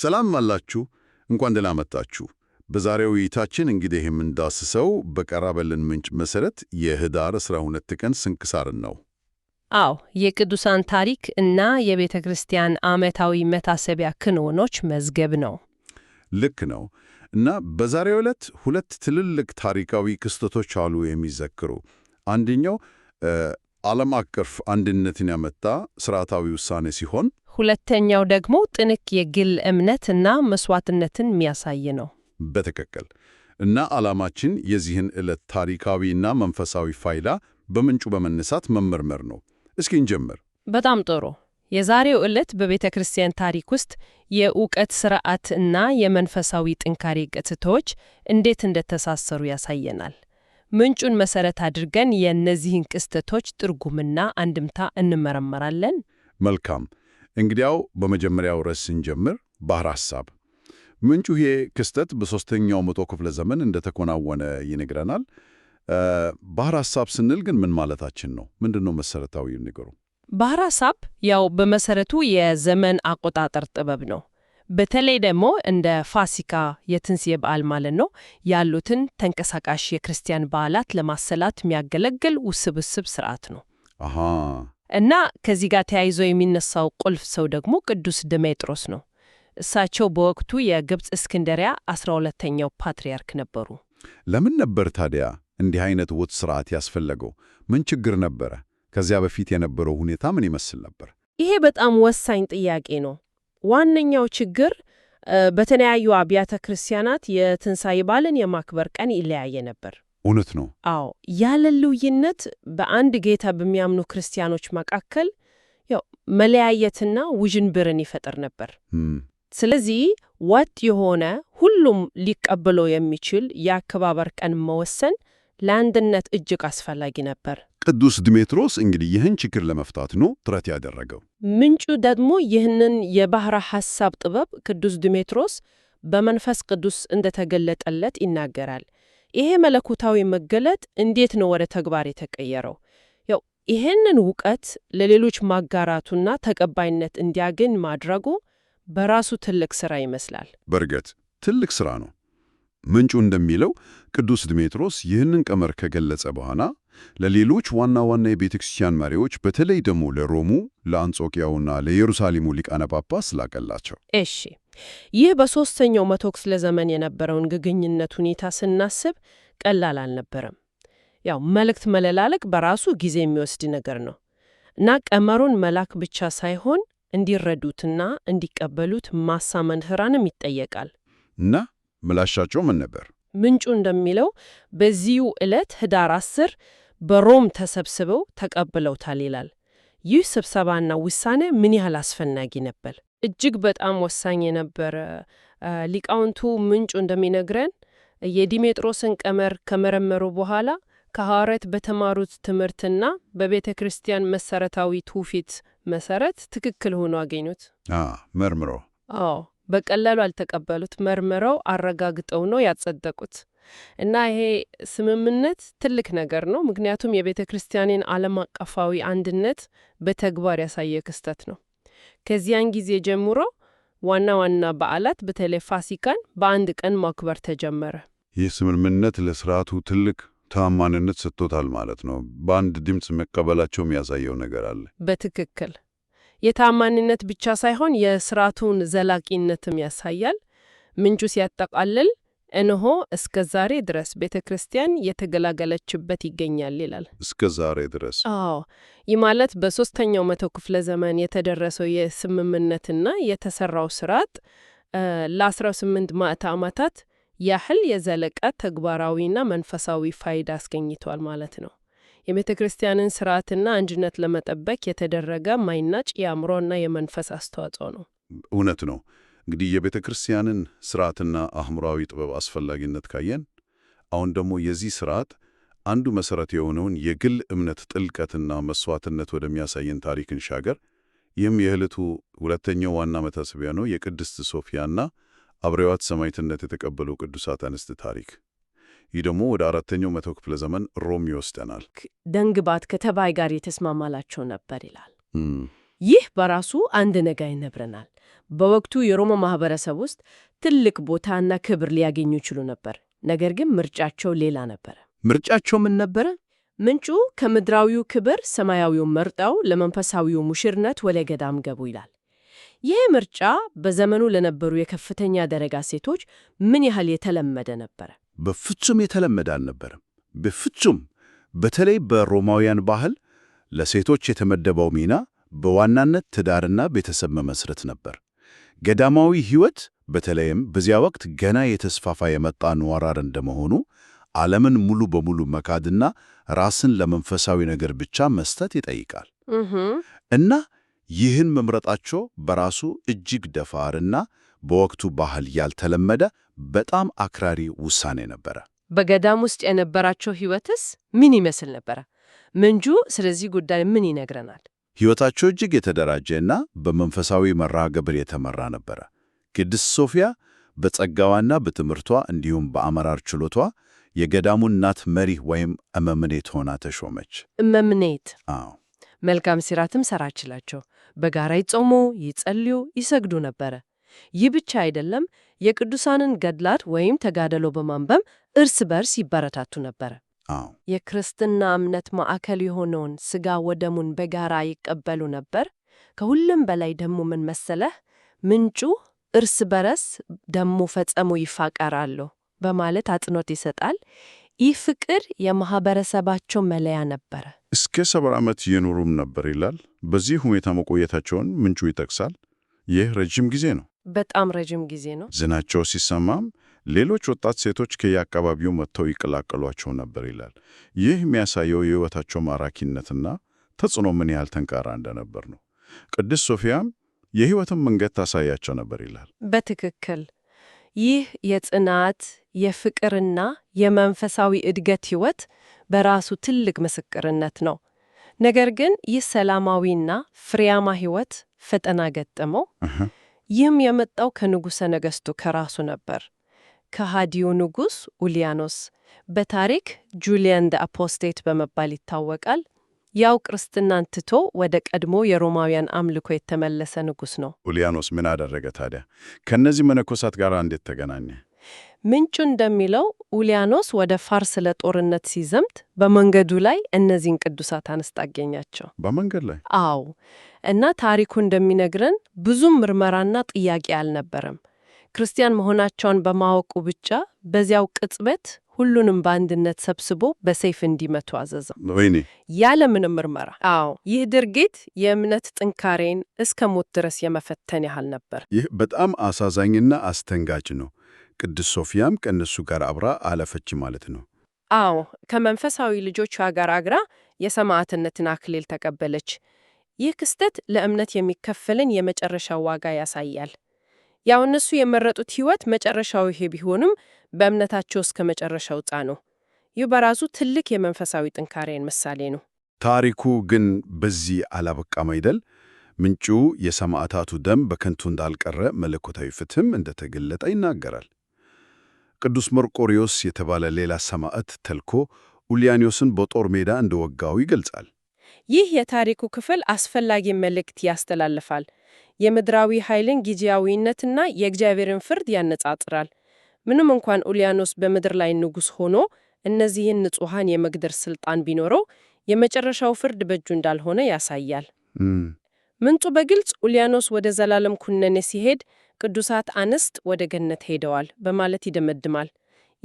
ሰላም አላችሁ፣ እንኳን ደህና መጣችሁ። በዛሬው ውይይታችን እንግዲህ የምንዳስሰው በቀረበልን ምንጭ መሰረት የህዳር 12 ቀን ስንክሳርን ነው። አዎ የቅዱሳን ታሪክ እና የቤተ ክርስቲያን ዓመታዊ መታሰቢያ ክንውኖች መዝገብ ነው። ልክ ነው። እና በዛሬው ዕለት ሁለት ትልልቅ ታሪካዊ ክስተቶች አሉ የሚዘክሩ። አንደኛው ዓለም አቀፍ አንድነትን ያመጣ ስርዓታዊ ውሳኔ ሲሆን ሁለተኛው ደግሞ ጥንቅ የግል እምነትና መስዋዕትነትን የሚያሳይ ነው። በትክክል እና ዓላማችን የዚህን ዕለት ታሪካዊና መንፈሳዊ ፋይዳ በምንጩ በመነሳት መመርመር ነው። እስኪ እንጀምር። በጣም ጥሩ። የዛሬው ዕለት በቤተ ክርስቲያን ታሪክ ውስጥ የእውቀት ሥርዓት እና የመንፈሳዊ ጥንካሬ ገጽታዎች እንዴት እንደተሳሰሩ ያሳየናል። ምንጩን መሰረት አድርገን የእነዚህን ክስተቶች ትርጉምና አንድምታ እንመረመራለን። መልካም። እንግዲያው በመጀመሪያው ርዕስ ስንጀምር ባሕረ ሐሳብ ምንጩ ይሄ ክስተት በሦስተኛው መቶ ክፍለ ዘመን እንደተኮናወነ ይነግረናል። ባሕረ ሐሳብ ስንል ግን ምን ማለታችን ነው? ምንድን ነው መሰረታዊ ነገሩ? ባሕረ ሐሳብ ያው በመሰረቱ የዘመን አቆጣጠር ጥበብ ነው። በተለይ ደግሞ እንደ ፋሲካ የትንሣኤ በዓል ማለት ነው ያሉትን ተንቀሳቃሽ የክርስቲያን በዓላት ለማሰላት የሚያገለግል ውስብስብ ስርዓት ነው። አሃ እና ከዚህ ጋር ተያይዞ የሚነሳው ቁልፍ ሰው ደግሞ ቅዱስ ድሜጥሮስ ነው። እሳቸው በወቅቱ የግብፅ እስክንደሪያ አስራ ተኛው ፓትርያርክ ነበሩ። ለምን ነበር ታዲያ እንዲህ አይነት ውጥ ስርዓት ያስፈለገው? ምን ችግር ነበረ? ከዚያ በፊት የነበረው ሁኔታ ምን ይመስል ነበር? ይሄ በጣም ወሳኝ ጥያቄ ነው። ዋነኛው ችግር በተለያዩ አብያተ ክርስቲያናት የትንሣኤ በዓልን የማክበር ቀን ይለያየ ነበር። እውነት ነው። አዎ ያለ ልዩነት በአንድ ጌታ በሚያምኑ ክርስቲያኖች መካከል ያው መለያየትና ውዥንብርን ይፈጥር ነበር። ስለዚህ ወጥ የሆነ ሁሉም ሊቀበለው የሚችል የአከባበር ቀን መወሰን ለአንድነት እጅግ አስፈላጊ ነበር። ቅዱስ ድሜጥሮስ እንግዲህ ይህን ችግር ለመፍታት ነው ጥረት ያደረገው። ምንጩ ደግሞ ይህንን የባሕረ ሐሳብ ጥበብ ቅዱስ ድሜጥሮስ በመንፈስ ቅዱስ እንደተገለጠለት ይናገራል። ይሄ መለኮታዊ መገለጥ እንዴት ነው ወደ ተግባር የተቀየረው? ያው ይህንን እውቀት ለሌሎች ማጋራቱና ተቀባይነት እንዲያገኝ ማድረጉ በራሱ ትልቅ ስራ ይመስላል። በእርግጥ ትልቅ ስራ ነው። ምንጩ እንደሚለው ቅዱስ ድሜጥሮስ ይህንን ቀመር ከገለጸ በኋላ ለሌሎች ዋና ዋና የቤተ ክርስቲያን መሪዎች በተለይ ደግሞ ለሮሙ፣ ለአንጾቅያውና ለኢየሩሳሌሙ ሊቃነ ጳጳስ ላቀላቸው። እሺ ይህ በሦስተኛው መቶ ክፍለ ዘመን የነበረውን ግግኝነት ሁኔታ ስናስብ ቀላል አልነበረም። ያው መልእክት መለላለቅ በራሱ ጊዜ የሚወስድ ነገር ነው እና ቀመሩን መላክ ብቻ ሳይሆን እንዲረዱትና እንዲቀበሉት ማሳ መምህራንም ይጠየቃል። እና ምላሻቸው ምን ነበር? ምንጩ እንደሚለው በዚሁ ዕለት ህዳር አስር በሮም ተሰብስበው ተቀብለውታል ይላል። ይህ ስብሰባና ውሳኔ ምን ያህል አስፈላጊ ነበር? እጅግ በጣም ወሳኝ የነበረ ሊቃውንቱ ምንጩ እንደሚነግረን የዲሜጥሮስን ቀመር ከመረመሩ በኋላ ከሐዋርያት በተማሩት ትምህርትና በቤተ ክርስቲያን መሰረታዊ ትውፊት መሰረት ትክክል ሆኖ አገኙት። መርምሮ አዎ፣ በቀላሉ አልተቀበሉት። መርምረው አረጋግጠው ነው ያጸደቁት። እና ይሄ ስምምነት ትልቅ ነገር ነው፣ ምክንያቱም የቤተ ክርስቲያንን ዓለም አቀፋዊ አንድነት በተግባር ያሳየ ክስተት ነው። ከዚያን ጊዜ ጀምሮ ዋና ዋና በዓላት በተለይ ፋሲካን በአንድ ቀን ማክበር ተጀመረ። ይህ ስምምነት ለስርዓቱ ትልቅ ተአማንነት ሰጥቶታል ማለት ነው። በአንድ ድምፅ መቀበላቸው የሚያሳየው ነገር አለ። በትክክል የታማንነት ብቻ ሳይሆን የስርዓቱን ዘላቂነትም ያሳያል። ምንጩ ሲያጠቃልል እነሆ እስከ ዛሬ ድረስ ቤተ ክርስቲያን የተገላገለችበት ይገኛል ይላል። እስከ ዛሬ ድረስ አዎ። ይህ ማለት በሶስተኛው መቶ ክፍለ ዘመን የተደረሰው የስምምነትና የተሰራው ስርዓት ለ18 ማዕተ ዓመታት ያህል የዘለቀ ተግባራዊና መንፈሳዊ ፋይዳ አስገኝቷል ማለት ነው። የቤተ ክርስቲያንን ስርዓትና አንድነት ለመጠበቅ የተደረገ ማይናጭ የአእምሮና የመንፈስ አስተዋጽኦ ነው። እውነት ነው። እንግዲህ የቤተ ክርስቲያንን ስርዓትና አእምሯዊ ጥበብ አስፈላጊነት ካየን አሁን ደግሞ የዚህ ስርዓት አንዱ መሰረት የሆነውን የግል እምነት ጥልቀትና መስዋዕትነት ወደሚያሳየን ታሪክ እንሻገር። ይህም የዕለቱ ሁለተኛው ዋና መታሰቢያ ነው፣ የቅድስት ሶፊያና አብሬዋት ሰማዕትነት የተቀበሉ ቅዱሳት አንስት ታሪክ። ይህ ደግሞ ወደ አራተኛው መቶ ክፍለ ዘመን ሮም ይወስደናል። ደንግባት ከተባይ ጋር የተስማማላቸው ነበር ይላል። ይህ በራሱ አንድ ነገር ይነግረናል። በወቅቱ የሮማ ማህበረሰብ ውስጥ ትልቅ ቦታና ክብር ሊያገኙ ይችሉ ነበር። ነገር ግን ምርጫቸው ሌላ ነበረ። ምርጫቸው ምን ነበረ? ምንጩ ከምድራዊው ክብር ሰማያዊው መርጠው ለመንፈሳዊው ሙሽርነት ወደ ገዳም ገቡ ይላል። ይህ ምርጫ በዘመኑ ለነበሩ የከፍተኛ ደረጃ ሴቶች ምን ያህል የተለመደ ነበረ? በፍጹም የተለመደ አልነበረም። በፍጹም በተለይ በሮማውያን ባህል ለሴቶች የተመደበው ሚና በዋናነት ትዳርና ቤተሰብ መመስረት ነበር። ገዳማዊ ሕይወት በተለይም በዚያ ወቅት ገና የተስፋፋ የመጣ ኗራር እንደመሆኑ ዓለምን ሙሉ በሙሉ መካድና ራስን ለመንፈሳዊ ነገር ብቻ መስጠት ይጠይቃል እና ይህን መምረጣቸው በራሱ እጅግ ደፋርና በወቅቱ ባህል ያልተለመደ በጣም አክራሪ ውሳኔ ነበረ። በገዳም ውስጥ የነበራቸው ሕይወትስ ምን ይመስል ነበረ? ምንጁ ስለዚህ ጉዳይ ምን ይነግረናል? ሕይወታቸው እጅግ የተደራጀ እና በመንፈሳዊ መርሃ ግብር የተመራ ነበረ። ቅድስት ሶፊያ በጸጋዋና በትምህርቷ እንዲሁም በአመራር ችሎቷ የገዳሙ እናት መሪ ወይም እመምኔት ሆና ተሾመች። እመምኔት? አዎ። መልካም ሲራትም ሰራችላቸው። በጋራ ይጾሙ፣ ይጸልዩ፣ ይሰግዱ ነበረ። ይህ ብቻ አይደለም፤ የቅዱሳንን ገድላት ወይም ተጋደሎ በማንበብ እርስ በርስ ይበረታቱ ነበረ። የክርስትና እምነት ማዕከል የሆነውን ስጋ ወደሙን በጋራ ይቀበሉ ነበር። ከሁሉም በላይ ደግሞ ምን መሰለህ ምንጩ እርስ በረስ ደሞ ፈጸሙ ይፋቀራሉ በማለት አጽንኦት ይሰጣል። ይህ ፍቅር የማህበረሰባቸው መለያ ነበረ። እስከ ሰባ ዓመት የኖሩም ነበር ይላል። በዚህ ሁኔታ መቆየታቸውን ምንጩ ይጠቅሳል። ይህ ረጅም ጊዜ ነው፣ በጣም ረጅም ጊዜ ነው። ዝናቸው ሲሰማም ሌሎች ወጣት ሴቶች ከየአካባቢው መጥተው ይቀላቀሏቸው ነበር ይላል። ይህ የሚያሳየው የሕይወታቸው ማራኪነትና ተጽዕኖ ምን ያህል ጠንካራ እንደነበር ነው። ቅድስት ሶፊያም የሕይወትን መንገድ ታሳያቸው ነበር ይላል። በትክክል ይህ የጽናት የፍቅርና የመንፈሳዊ እድገት ሕይወት በራሱ ትልቅ ምስክርነት ነው። ነገር ግን ይህ ሰላማዊና ፍሬያማ ሕይወት ፈተና ገጠመው። ይህም የመጣው ከንጉሠ ነገሥቱ ከራሱ ነበር። ከሃዲው ንጉስ ኡሊያኖስ በታሪክ ጁልያን ደ አፖስቴት በመባል ይታወቃል። ያው ክርስትናን ትቶ ወደ ቀድሞ የሮማውያን አምልኮ የተመለሰ ንጉስ ነው። ኡሊያኖስ ምን አደረገ ታዲያ? ከእነዚህ መነኮሳት ጋር እንዴት ተገናኘ? ምንጩ እንደሚለው ኡሊያኖስ ወደ ፋርስ ለጦርነት ሲዘምት በመንገዱ ላይ እነዚህን ቅዱሳት አንስት አገኛቸው። በመንገድ ላይ? አዎ። እና ታሪኩ እንደሚነግረን ብዙም ምርመራና ጥያቄ አልነበረም። ክርስቲያን መሆናቸውን በማወቁ ብቻ በዚያው ቅጽበት ሁሉንም በአንድነት ሰብስቦ በሰይፍ እንዲመቱ አዘዘ። ወይኔ! ምንም ምርመራ። አዎ፣ ይህ ድርጊት የእምነት ጥንካሬን እስከ ሞት ድረስ የመፈተን ያህል ነበር። ይህ በጣም አሳዛኝና አስተንጋጭ ነው። ቅድስት ሶፊያም ከእነሱ ጋር አብራ አለፈች ማለት ነው። አዎ፣ ከመንፈሳዊ ልጆቿ ጋር አግራ የሰማዕትነትን አክሊል ተቀበለች። ይህ ክስተት ለእምነት የሚከፈልን የመጨረሻ ዋጋ ያሳያል። ያው እነሱ የመረጡት ህይወት መጨረሻው ይሄ ቢሆንም በእምነታቸው እስከ መጨረሻው ጻ ነው። ይህ በራሱ ትልቅ የመንፈሳዊ ጥንካሬን ምሳሌ ነው። ታሪኩ ግን በዚህ አላበቃም አይደል? ምንጩ የሰማዕታቱ ደም በከንቱ እንዳልቀረ መለኮታዊ ፍትህም እንደተገለጠ ይናገራል። ቅዱስ መርቆሪዎስ የተባለ ሌላ ሰማዕት ተልኮ ኡልያኒዮስን በጦር ሜዳ እንደወጋው ይገልጻል። ይህ የታሪኩ ክፍል አስፈላጊ መልእክት ያስተላልፋል። የምድራዊ ኃይልን ጊዜያዊነትና የእግዚአብሔርን ፍርድ ያነጻጽራል። ምንም እንኳን ኡልያኖስ በምድር ላይ ንጉሥ ሆኖ እነዚህን ንጹሐን የመግደር ስልጣን ቢኖረው የመጨረሻው ፍርድ በእጁ እንዳልሆነ ያሳያል። ምንጩ በግልጽ ኡልያኖስ ወደ ዘላለም ኩነኔ ሲሄድ ቅዱሳት አንስት ወደ ገነት ሄደዋል በማለት ይደመድማል።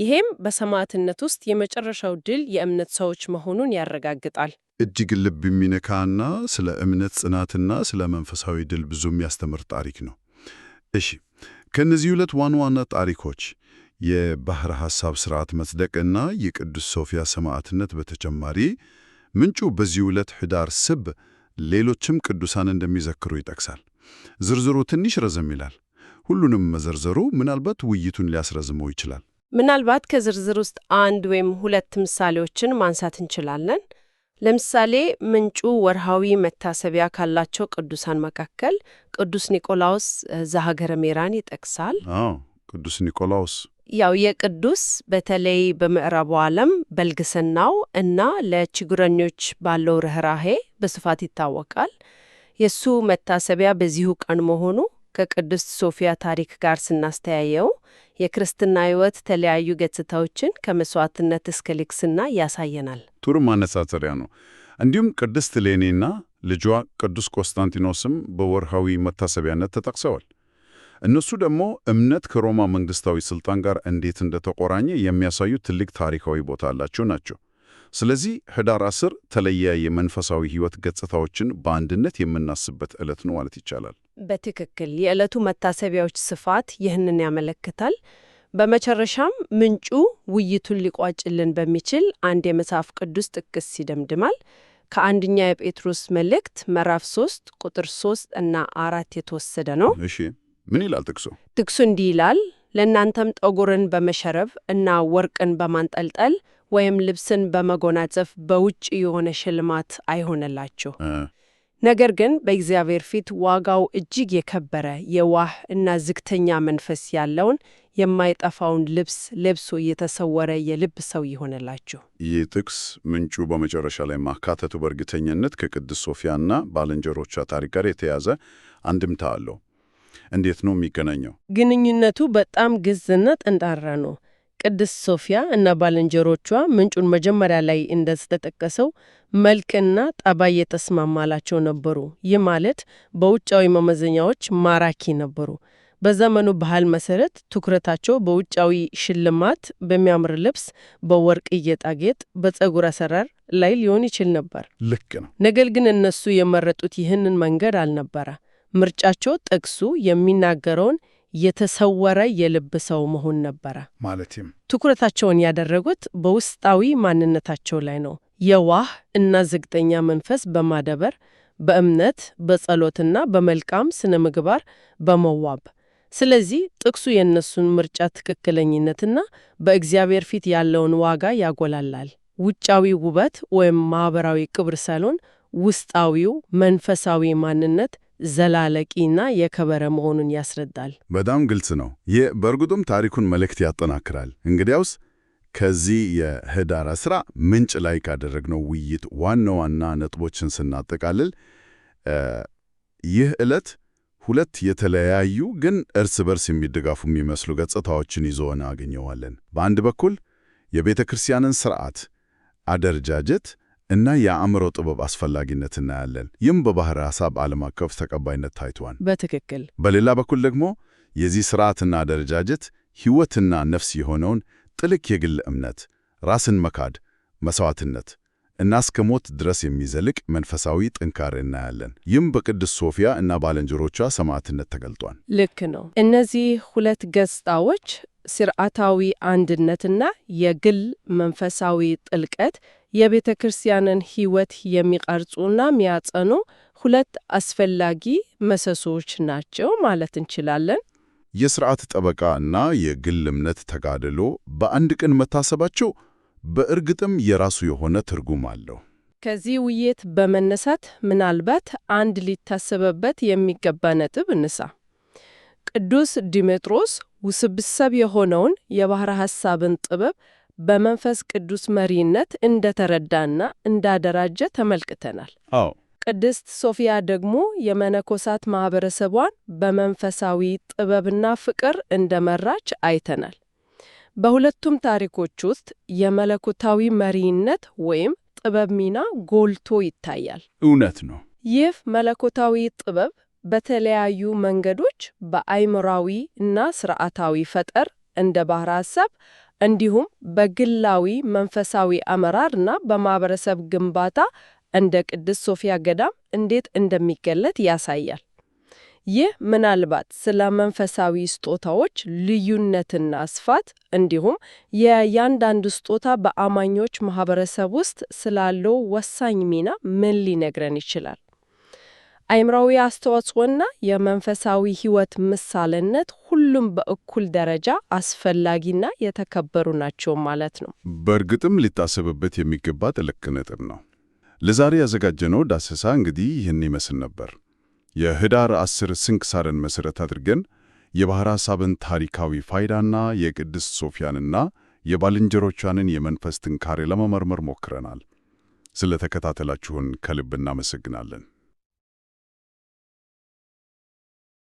ይሄም በሰማዕትነት ውስጥ የመጨረሻው ድል የእምነት ሰዎች መሆኑን ያረጋግጣል። እጅግ ልብ የሚነካና ስለ እምነት ጽናትና ስለ መንፈሳዊ ድል ብዙ የሚያስተምር ታሪክ ነው። እሺ ከእነዚህ ሁለት ዋና ዋና ታሪኮች የባሕረ ሐሳብ ሥርዓት መጽደቅና የቅዱስ ሶፊያ ሰማዕትነት በተጨማሪ ምንጩ በዚህ ሁለት ኅዳር ስብ ሌሎችም ቅዱሳን እንደሚዘክሩ ይጠቅሳል። ዝርዝሩ ትንሽ ረዘም ይላል። ሁሉንም መዘርዘሩ ምናልባት ውይይቱን ሊያስረዝመው ይችላል። ምናልባት ከዝርዝር ውስጥ አንድ ወይም ሁለት ምሳሌዎችን ማንሳት እንችላለን። ለምሳሌ ምንጩ ወርሃዊ መታሰቢያ ካላቸው ቅዱሳን መካከል ቅዱስ ኒቆላውስ ዘሀገረ ሜራን ይጠቅሳል። ቅዱስ ኒቆላውስ ያው የቅዱስ በተለይ በምዕራቡ ዓለም በልግስናው እና ለችግረኞች ባለው ርኅራሄ በስፋት ይታወቃል። የእሱ መታሰቢያ በዚሁ ቀን መሆኑ ከቅድስት ሶፊያ ታሪክ ጋር ስናስተያየው የክርስትና ሕይወት ተለያዩ ገጽታዎችን ከመሥዋዕትነት እስከ ልግስና ያሳየናል። ጥሩ ማነጻጸሪያ ነው። እንዲሁም ቅድስት ሌኔና ልጇ ቅዱስ ቆስታንቲኖስም በወርሃዊ መታሰቢያነት ተጠቅሰዋል። እነሱ ደግሞ እምነት ከሮማ መንግሥታዊ ሥልጣን ጋር እንዴት እንደተቆራኘ የሚያሳዩ ትልቅ ታሪካዊ ቦታ ያላቸው ናቸው። ስለዚህ ህዳር 10 ተለየ የመንፈሳዊ ህይወት ገጽታዎችን በአንድነት የምናስበት ዕለት ነው ማለት ይቻላል። በትክክል የዕለቱ መታሰቢያዎች ስፋት ይህንን ያመለክታል። በመጨረሻም ምንጩ ውይይቱን ሊቋጭልን በሚችል አንድ የመጽሐፍ ቅዱስ ጥቅስ ይደምድማል። ከአንደኛ የጴጥሮስ መልእክት ምዕራፍ 3 ቁጥር 3 እና አራት የተወሰደ ነው። እሺ ምን ይላል ጥቅሱ? ጥቅሱ እንዲህ ይላል፣ ለእናንተም ጠጉርን በመሸረብ እና ወርቅን በማንጠልጠል ወይም ልብስን በመጎናጸፍ በውጭ የሆነ ሽልማት አይሆንላችሁ። ነገር ግን በእግዚአብሔር ፊት ዋጋው እጅግ የከበረ የዋህ እና ዝግተኛ መንፈስ ያለውን የማይጠፋውን ልብስ ለብሶ የተሰወረ የልብ ሰው ይሆንላችሁ። ይህ ጥቅስ ምንጩ በመጨረሻ ላይ ማካተቱ በእርግጠኝነት ከቅድስት ሶፊያና ባልንጀሮቿ ታሪክ ጋር የተያዘ አንድምታ አለው። እንዴት ነው የሚገናኘው? ግንኙነቱ በጣም ግዝነት ጠንዳራ ነው። ቅድስት ሶፊያ እና ባልንጀሮቿ ምንጩን መጀመሪያ ላይ እንደተጠቀሰው መልክና ጠባይ የተስማማላቸው ነበሩ። ይህ ማለት በውጫዊ መመዘኛዎች ማራኪ ነበሩ። በዘመኑ ባህል መሰረት ትኩረታቸው በውጫዊ ሽልማት፣ በሚያምር ልብስ፣ በወርቅ ጌጣጌጥ፣ በፀጉር አሰራር ላይ ሊሆን ይችል ነበር። ልክ ነው። ነገር ግን እነሱ የመረጡት ይህንን መንገድ አልነበረ። ምርጫቸው ጥቅሱ የሚናገረውን የተሰወረ የልብ ሰው መሆን ነበረ። ማለትም ትኩረታቸውን ያደረጉት በውስጣዊ ማንነታቸው ላይ ነው። የዋህ እና ዝግተኛ መንፈስ በማደበር በእምነት በጸሎትና በመልካም ስነ ምግባር በመዋብ ስለዚህ ጥቅሱ የእነሱን ምርጫ ትክክለኝነትና በእግዚአብሔር ፊት ያለውን ዋጋ ያጎላላል። ውጫዊ ውበት ወይም ማኅበራዊ ክብር ሳይሆን ውስጣዊው መንፈሳዊ ማንነት ዘላለቂና የከበረ መሆኑን ያስረዳል። በጣም ግልጽ ነው። ይህ በእርግጡም ታሪኩን መልእክት ያጠናክራል። እንግዲያውስ ከዚህ የህዳር ሥራ ምንጭ ላይ ካደረግነው ውይይት ዋና ዋና ነጥቦችን ስናጠቃልል ይህ ዕለት ሁለት የተለያዩ ግን እርስ በርስ የሚደጋፉ የሚመስሉ ገጽታዎችን ይዞ እናገኘዋለን። በአንድ በኩል የቤተ ክርስቲያንን ስርዓት አደረጃጀት እና የአእምሮ ጥበብ አስፈላጊነት እናያለን። ይህም በባሕረ ሐሳብ ዓለም አቀፍ ተቀባይነት ታይቷል። በትክክል በሌላ በኩል ደግሞ የዚህ ስርዓትና አደረጃጀት ሕይወትና ነፍስ የሆነውን ጥልቅ የግል እምነት፣ ራስን መካድ፣ መሥዋዕትነት እና እስከ ሞት ድረስ የሚዘልቅ መንፈሳዊ ጥንካሬ እናያለን። ይህም በቅድስት ሶፊያ እና ባልንጀሮቿ ሰማዕትነት ተገልጧል። ልክ ነው። እነዚህ ሁለት ገጽታዎች ስርዓታዊ አንድነትና የግል መንፈሳዊ ጥልቀት የቤተ ክርስቲያንን ሕይወት የሚቀርጹና የሚያጸኑ ሁለት አስፈላጊ መሰሶዎች ናቸው ማለት እንችላለን። የስርዓት ጠበቃ እና የግል እምነት ተጋድሎ በአንድ ቀን መታሰባቸው በእርግጥም የራሱ የሆነ ትርጉም አለው። ከዚህ ውይይት በመነሳት ምናልባት አንድ ሊታሰበበት የሚገባ ነጥብ እንሳ። ቅዱስ ዲሜጥሮስ ውስብስብ የሆነውን የባሕረ ሐሳብን ጥበብ በመንፈስ ቅዱስ መሪነት እንደተረዳና እንዳደራጀ ተመልክተናል። አዎ ቅድስት ሶፊያ ደግሞ የመነኮሳት ማኅበረሰቧን በመንፈሳዊ ጥበብና ፍቅር እንደመራች አይተናል። በሁለቱም ታሪኮች ውስጥ የመለኮታዊ መሪነት ወይም ጥበብ ሚና ጎልቶ ይታያል። እውነት ነው። ይህ መለኮታዊ ጥበብ በተለያዩ መንገዶች በአይምራዊ እና ስርዓታዊ ፈጠር እንደ ባሕረ ሐሳብ እንዲሁም በግላዊ መንፈሳዊ አመራር እና በማህበረሰብ ግንባታ እንደ ቅድስት ሶፊያ ገዳም እንዴት እንደሚገለጥ ያሳያል። ይህ ምናልባት ስለ መንፈሳዊ ስጦታዎች ልዩነትና ስፋት እንዲሁም የእያንዳንዱ ስጦታ በአማኞች ማህበረሰብ ውስጥ ስላለው ወሳኝ ሚና ምን ሊነግረን ይችላል? አእምሯዊ አስተዋጽኦና የመንፈሳዊ ሕይወት ምሳሌነት ሁሉም በእኩል ደረጃ አስፈላጊና የተከበሩ ናቸው ማለት ነው። በእርግጥም ሊታሰብበት የሚገባ ጥልቅ ነጥብ ነው። ለዛሬ ያዘጋጀነው ዳሰሳ እንግዲህ ይህን ይመስል ነበር። የህዳር አስር ስንክሳርን መሠረት አድርገን የባሕረ ሐሳብን ታሪካዊ ፋይዳና የቅድስት ሶፊያንና የባልንጀሮቿንን የመንፈስ ጥንካሬ ለመመርመር ሞክረናል። ስለተከታተላችሁን ከልብ እናመሰግናለን።